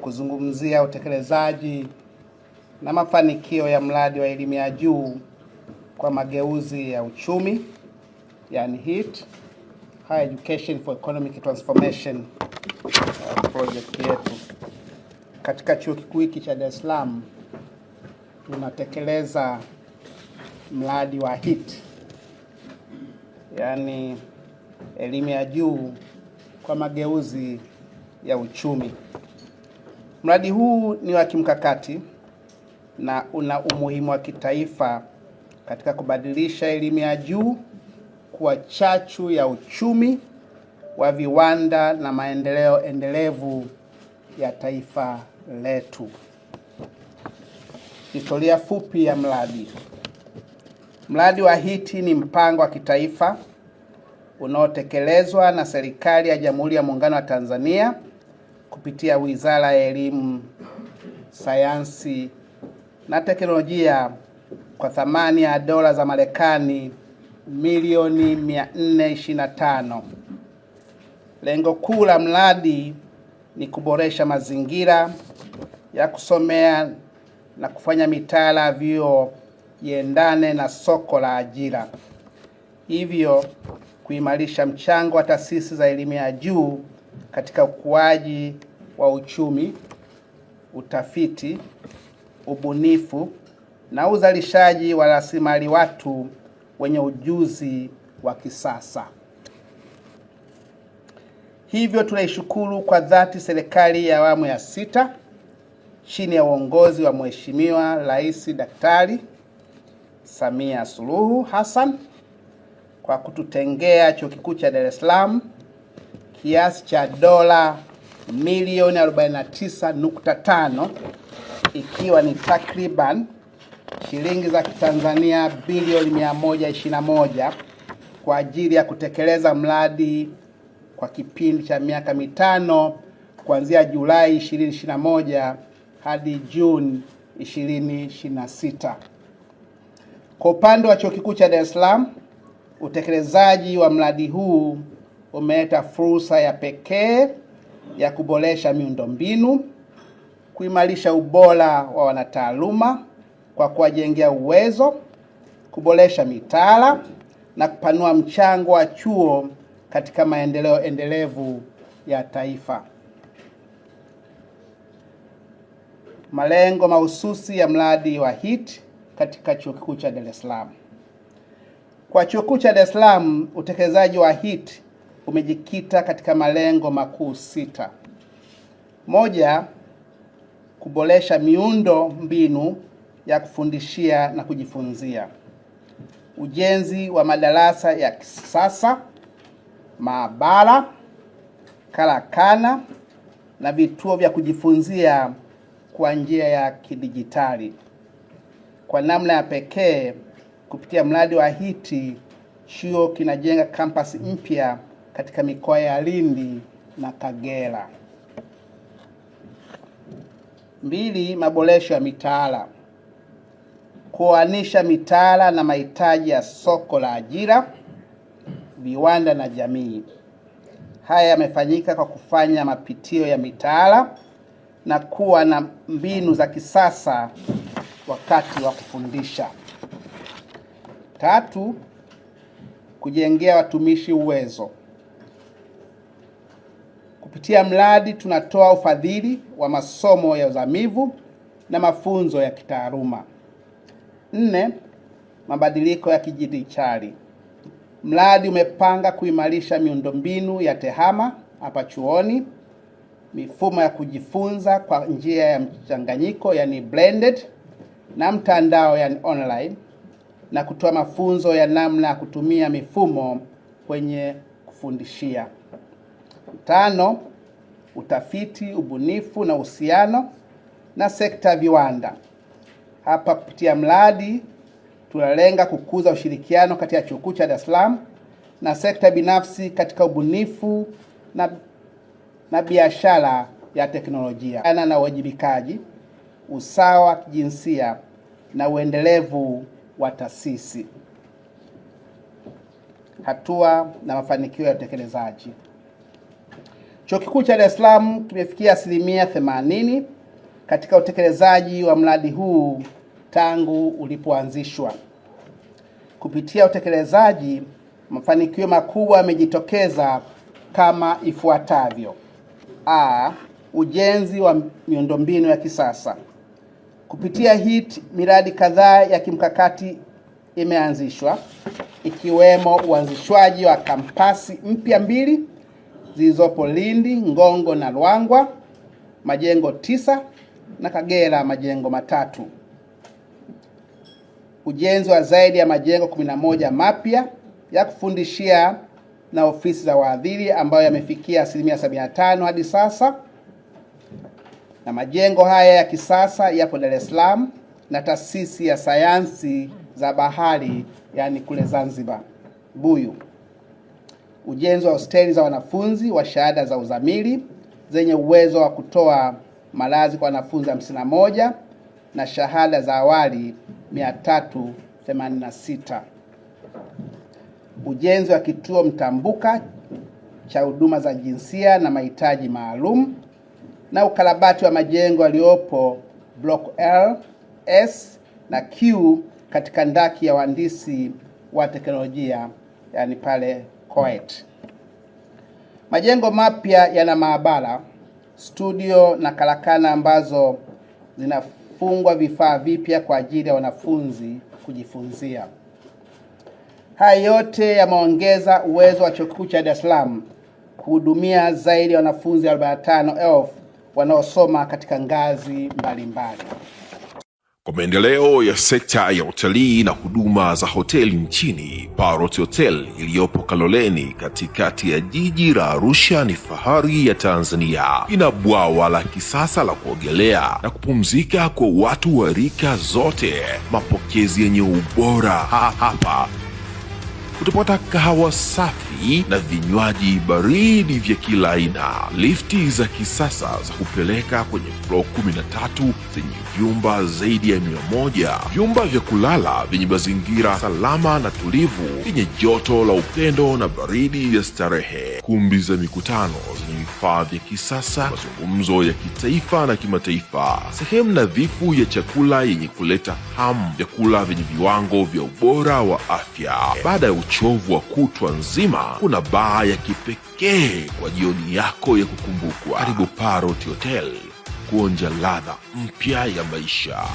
Kuzungumzia utekelezaji na mafanikio ya mradi wa elimu ya juu kwa mageuzi ya uchumi, yani HEET, Higher Education for Economic Transformation uh, project yetu katika chuo kikuu hiki cha Dar es Salaam. Tunatekeleza mradi wa HEET, yani elimu ya juu kwa mageuzi ya uchumi. Mradi huu ni wa kimkakati na una umuhimu wa kitaifa katika kubadilisha elimu ya juu kuwa chachu ya uchumi wa viwanda na maendeleo endelevu ya taifa letu. Historia fupi ya mradi. Mradi wa hiti ni mpango wa kitaifa unaotekelezwa na serikali ya Jamhuri ya Muungano wa Tanzania kupitia Wizara ya Elimu, Sayansi na Teknolojia kwa thamani ya dola za Marekani milioni 425. Lengo kuu la mradi ni kuboresha mazingira ya kusomea na kufanya mitaala ya vyuo iendane na soko la ajira, hivyo kuimarisha mchango wa taasisi za elimu ya juu katika ukuaji wa uchumi, utafiti, ubunifu na uzalishaji wa rasilimali watu wenye ujuzi wa kisasa. Hivyo tunaishukuru kwa dhati serikali ya awamu ya sita chini ya uongozi wa Mheshimiwa Rais Daktari Samia Suluhu Hassan kwa kututengea Chuo Kikuu cha Dar es Salaam kiasi cha dola milioni 49.5 ikiwa ni takriban shilingi za Kitanzania bilioni 121 kwa ajili ya kutekeleza mradi kwa kipindi cha miaka mitano kuanzia Julai 2021 hadi Juni 2026. Kwa upande wa Chuo Kikuu cha Dar es Salaam, utekelezaji wa mradi huu umeleta fursa ya pekee ya kuboresha miundombinu, kuimarisha ubora wa wanataaluma kwa kuwajengea uwezo, kuboresha mitaala na kupanua mchango wa chuo katika maendeleo endelevu ya taifa. Malengo mahususi ya mradi wa HEET katika Chuo Kikuu cha Dar es Salaam. Kwa Chuo Kikuu cha Dar es Salaam, utekelezaji wa HEET umejikita katika malengo makuu sita. Moja, kuboresha miundo mbinu ya kufundishia na kujifunzia, ujenzi wa madarasa ya kisasa, maabara, karakana na vituo vya kujifunzia kwa njia ya kidijitali kwa namna ya pekee. Kupitia mradi wa HEET, chuo kinajenga kampasi mpya katika mikoa ya Lindi na Kagera. Mbili, maboresho ya mitaala, kuanisha mitaala na mahitaji ya soko la ajira, viwanda na jamii. Haya yamefanyika kwa kufanya mapitio ya mitaala na kuwa na mbinu za kisasa wakati wa kufundisha. Tatu, kujengea watumishi uwezo Kupitia mradi tunatoa ufadhili wa masomo ya uzamivu na mafunzo ya kitaaluma. Nne, mabadiliko ya kidijitali. Mradi umepanga kuimarisha miundombinu ya TEHAMA hapa chuoni, mifumo ya kujifunza kwa njia ya mchanganyiko, yani blended, na mtandao, yani online, na kutoa mafunzo ya namna ya kutumia mifumo kwenye kufundishia. Tano, utafiti, ubunifu na uhusiano na sekta ya viwanda. Hapa kupitia mradi tunalenga kukuza ushirikiano kati ya chuo kikuu cha Dar es Salaam na sekta binafsi katika ubunifu na, na biashara ya teknolojia ana na uwajibikaji, usawa wa kijinsia na uendelevu wa taasisi. Hatua na mafanikio ya utekelezaji. Chuo Kikuu cha Dar es Salaam kimefikia asilimia 80 katika utekelezaji wa mradi huu tangu ulipoanzishwa. Kupitia utekelezaji, mafanikio makubwa yamejitokeza kama ifuatavyo: A, ujenzi wa miundombinu ya kisasa. Kupitia HIT, miradi kadhaa ya kimkakati imeanzishwa ikiwemo uanzishwaji wa kampasi mpya mbili zilizopo Lindi, Ngongo na lwangwa majengo tisa na Kagera majengo matatu. Ujenzi wa zaidi ya majengo 11 mapya ya kufundishia na ofisi za waadhiri ambayo yamefikia asilimia 75 hadi sasa, na majengo haya ya kisasa yapo Dar es Salaam na taasisi ya sayansi za bahari, yani kule Zanzibar Buyu ujenzi wa hosteli za wanafunzi wa shahada za uzamili zenye uwezo wa kutoa malazi kwa wanafunzi 51 na shahada za awali 386. Ujenzi wa kituo mtambuka cha huduma za jinsia na mahitaji maalum na ukarabati wa majengo yaliyopo block L, S na Q katika ndaki ya wahandisi wa teknolojia, yani pale Kuwait. Majengo mapya yana maabara, studio na karakana ambazo zinafungwa vifaa vipya kwa ajili ya wanafunzi kujifunzia. Haya yote yameongeza uwezo wa Chuo Kikuu cha Dar es Salaam kuhudumia zaidi ya wanafunzi 45,000 wanaosoma katika ngazi mbalimbali mbali kwa maendeleo ya sekta ya utalii na huduma za hoteli nchini. Parrot Hotel iliyopo Kaloleni katikati ya jiji la Arusha ni fahari ya Tanzania. Ina bwawa la kisasa la kuogelea na kupumzika kwa watu wa rika zote, mapokezi yenye ubora. Ha, hapa utapata kahawa safi na vinywaji baridi vya kila aina, lifti za kisasa za kupeleka kwenye flo 13 zenye vyumba zaidi ya mia moja, vyumba vya kulala vyenye mazingira salama na tulivu, vyenye joto la upendo na baridi ya starehe, kumbi za mikutano zenye vifaa vya kisasa, mazungumzo ya kitaifa na kimataifa, sehemu nadhifu ya chakula yenye kuleta hamu, vyakula vyenye viwango vya ubora wa afya. Baada ya uchovu wa kutwa nzima, kuna baa ya kipekee kwa jioni yako ya kukumbukwa. Karibu Paroti Hotel kuonja ladha mpya ya maisha.